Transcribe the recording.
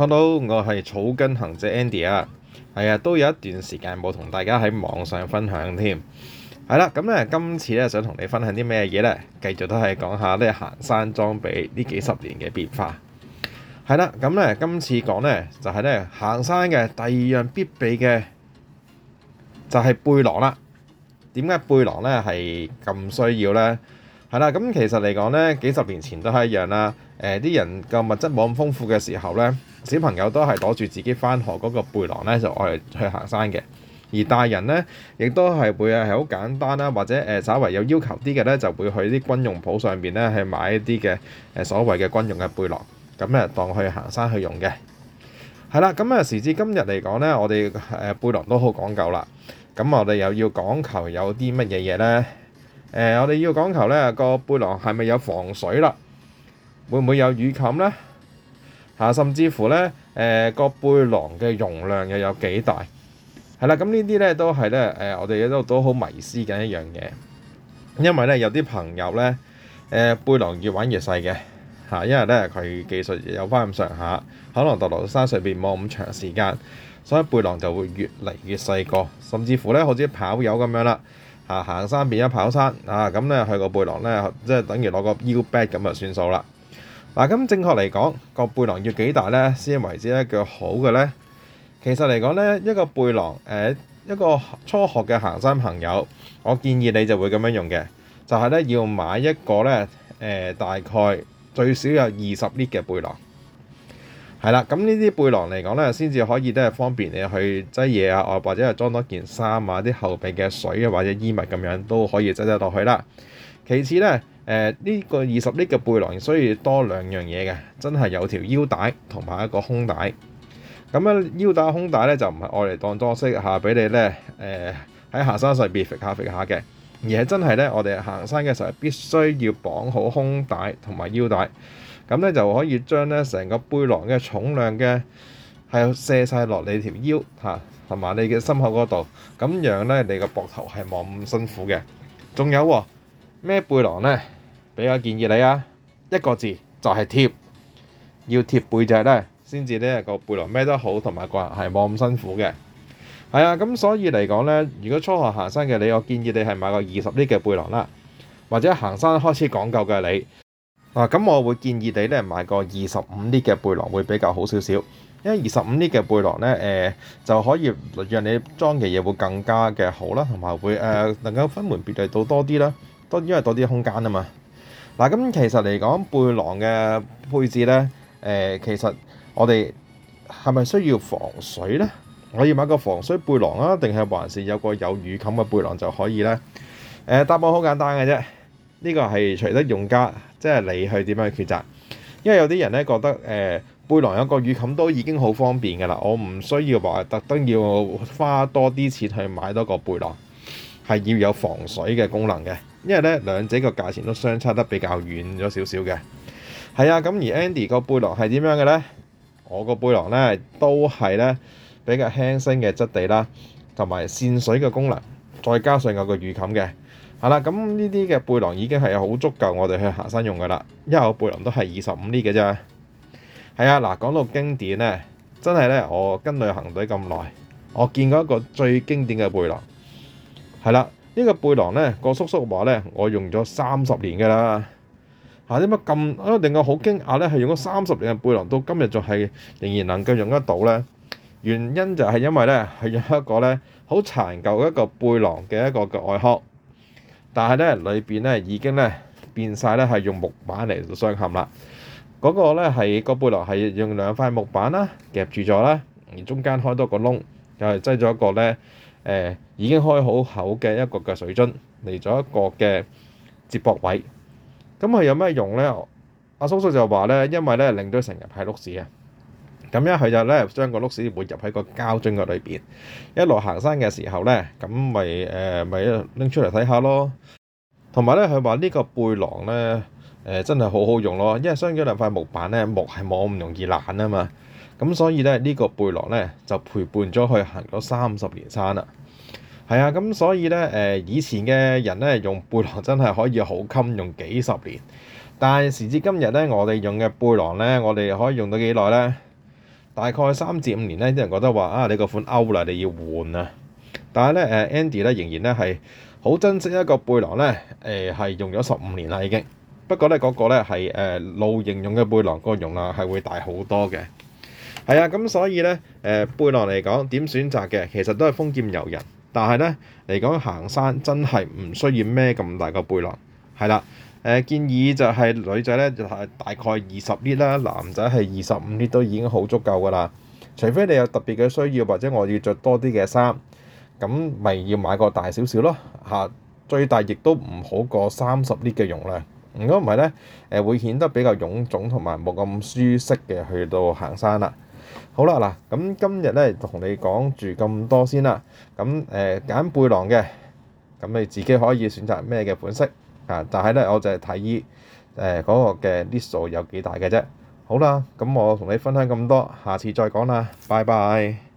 Hello，我係草根行者 Andy 啊，係啊，都有一段時間冇同大家喺網上分享添。係啦，咁咧今次咧想同你分享啲咩嘢咧？繼續都係講下呢行山裝備呢幾十年嘅變化。係啦，咁咧今次講咧就係咧行山嘅第二樣必備嘅就係背囊啦。點解背囊咧係咁需要咧？係啦，咁其實嚟講咧，幾十年前都係一樣啦。誒、呃，啲人個物質冇咁豐富嘅時候咧，小朋友都係攞住自己返學嗰個背囊咧，就愛嚟去行山嘅。而大人咧，亦都係會係好簡單啦，或者誒稍為有要求啲嘅咧，就會去啲軍用鋪上邊咧，係買一啲嘅誒所謂嘅軍用嘅背囊，咁咧當去行山去用嘅。係啦，咁啊時至今日嚟講咧，我哋誒背囊都好講究啦。咁我哋又要講求有啲乜嘢嘢咧？誒、呃，我哋要講求咧，個背囊係咪有防水啦？會唔會有雨冚咧？嚇、啊，甚至乎咧，誒、呃、個背囊嘅容量又有幾大？係啦，咁呢啲咧都係咧，誒、呃、我哋都都好迷思緊一樣嘢，因為咧有啲朋友咧，誒、呃、背囊越玩越細嘅嚇，因為咧佢技術有翻咁上下，可能逗留山上面冇咁長時間，所以背囊就會越嚟越細個，甚至乎咧好似跑友咁樣啦。行山變咗跑山啊，咁咧去個背囊咧，即係等於攞個腰背咁就算數啦。嗱、啊，咁正確嚟講，個背囊要幾大咧先為之咧叫好嘅咧？其實嚟講咧，一個背囊，誒、呃、一個初學嘅行山朋友，我建議你就會咁樣用嘅，就係、是、咧要買一個咧，誒、呃、大概最少有二十 lit 嘅背囊。係啦，咁呢啲背囊嚟講咧，先至可以都係方便你去擠嘢啊，或者係裝多件衫啊、啲後備嘅水啊或者衣物咁樣都可以擠得落去啦。其次咧，誒、呃、呢、呢個二十呎嘅背囊需要多兩樣嘢嘅，真係有條腰帶同埋一個胸帶。咁啊，腰帶、胸帶咧就唔係攞嚟當裝飾吓俾你咧，誒、呃、喺行山上面揈下揈下嘅，而係真係咧，我哋行山嘅時候必須要綁好胸帶同埋腰帶。咁咧就可以將咧成個背囊嘅重量嘅係卸晒落你條腰嚇，同、啊、埋你嘅心口嗰度，咁樣咧你個膊頭係冇咁辛苦嘅。仲有咩、哦、背，背囊咧？比較建議你啊，一個字就係貼，要貼背脊咧，先至呢個背囊孭得好，同埋個係冇咁辛苦嘅。係啊，咁所以嚟講咧，如果初學行山嘅你，我建議你係買個二十 L 嘅背囊啦，或者行山開始講究嘅你。啊，咁我會建議你咧買個二十五 L 嘅背囊會比較好少少，因為二十五 L 嘅背囊咧，誒、呃、就可以讓你裝嘅嘢會更加嘅好啦，同埋會誒、呃、能夠分門別類到多啲啦，都因為多啲空間啊嘛。嗱、啊，咁其實嚟講背囊嘅配置咧，誒、呃、其實我哋係咪需要防水咧？我要買個防水背囊啊，定係還是有個有雨冚嘅背囊就可以咧？誒、呃、答案好簡單嘅啫，呢、這個係除得用家。即係你去點樣去抉擇？因為有啲人咧覺得誒、呃、背囊有個雨冚都已經好方便㗎啦，我唔需要話特登要花多啲錢去買多個背囊，係要有防水嘅功能嘅。因為咧兩者個價錢都相差得比較遠咗少少嘅。係啊，咁而 Andy 個背囊係點樣嘅咧？我個背囊咧都係咧比較輕身嘅質地啦，同埋線水嘅功能，再加上有個雨冚嘅。係啦，咁呢啲嘅背囊已經係好足夠我哋去行山用㗎啦。因為我背囊都係二十五呢嘅啫。係啊，嗱，講到經典咧，真係咧，我跟旅行隊咁耐，我見過一個最經典嘅背囊係啦。呢個背囊咧，個叔叔話咧，我用咗三十年㗎啦。嚇！點解咁令我好驚訝咧？係用咗三十年嘅背囊，到今日仲係仍然能夠用得到咧？原因就係因為咧，係一個咧好殘舊一個背囊嘅一個嘅外殼。但係咧，裏邊咧已經咧變晒，咧，係用木板嚟到相嵌啦。嗰、那個咧係個背囊，係用兩塊木板啦、啊、夾住咗啦，而中間開多個窿，又係擠咗一個咧誒、呃、已經開好口嘅一個嘅水樽嚟咗一個嘅接駁位。咁佢有咩用咧？阿叔叔就話咧，因為咧令到成日派碌屎。啊！咁一去就咧，將個碌屎會入喺個膠樽個裏邊。一路行山嘅時候咧，咁咪誒咪拎出嚟睇下咯。同埋咧，佢話呢個背囊咧，誒真係好好用咯，因為鑲咗兩塊木板咧，木係冇咁容易爛啊嘛。咁所以咧，呢個背囊咧就陪伴咗佢行咗三十年山啦。係啊，咁所以咧誒，以前嘅人咧用背囊真係可以好襟用幾十年，但係時至今日咧，我哋用嘅背囊咧，我哋可以用到幾耐咧？大概三至五年咧，啲人覺得話啊，你個款 out 啦，你要換啊。但係咧，誒 Andy 咧仍然咧係好珍惜一個背囊咧，誒、呃、係用咗十五年啦已經。不過咧，嗰、那個咧係誒露營用嘅背囊，嗰個容量係會大好多嘅。係啊，咁所以咧，誒、呃、背囊嚟講點選擇嘅，其實都係豐儉由人。但係咧嚟講行山真係唔需要孭咁大個背囊，係啦。誒、呃、建議就係女仔咧就係大概二十 lift 啦，男仔係二十五 lift 都已經好足夠噶啦。除非你有特別嘅需要，或者我要着多啲嘅衫，咁咪要買個大少少咯嚇、啊。最大亦都唔好過三十 lift 嘅容量，如果唔係咧，誒、呃、會顯得比較臃腫同埋冇咁舒適嘅去到行山啦。好啦，嗱，咁今日咧同你講住咁多先啦。咁誒揀背囊嘅，咁你自己可以選擇咩嘅款式。啊！但係咧，我就係睇依嗰個嘅啲 i 有幾大嘅啫。好啦，咁我同你分享咁多，下次再講啦。拜拜。